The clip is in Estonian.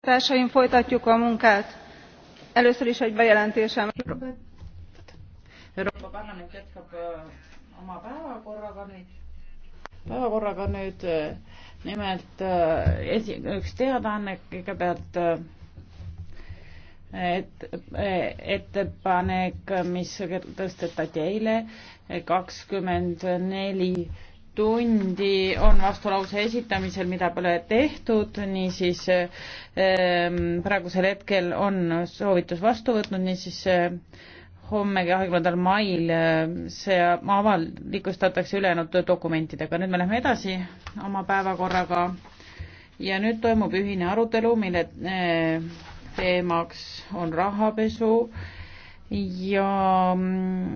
társaim folytatjuk a munkát először is egy bejelentésem euroopa parlament jätkab oma päevakorraga nüüd päevakorraga nüüd nimelt esi- üks teadaanne kõigepealt et ettepanek mis tõstetati eile kakskümmend neli tundi on vastulause esitamisel, mida pole tehtud, niisiis ehm, praegusel hetkel on soovitus vastu võtnud, niisiis eh, homme, kahekümnendal mail eh, see avalikustatakse ülejäänud dokumentidega. nüüd me läheme edasi oma päevakorraga ja nüüd toimub ühine arutelu, mille eh, teemaks on rahapesu ja mm,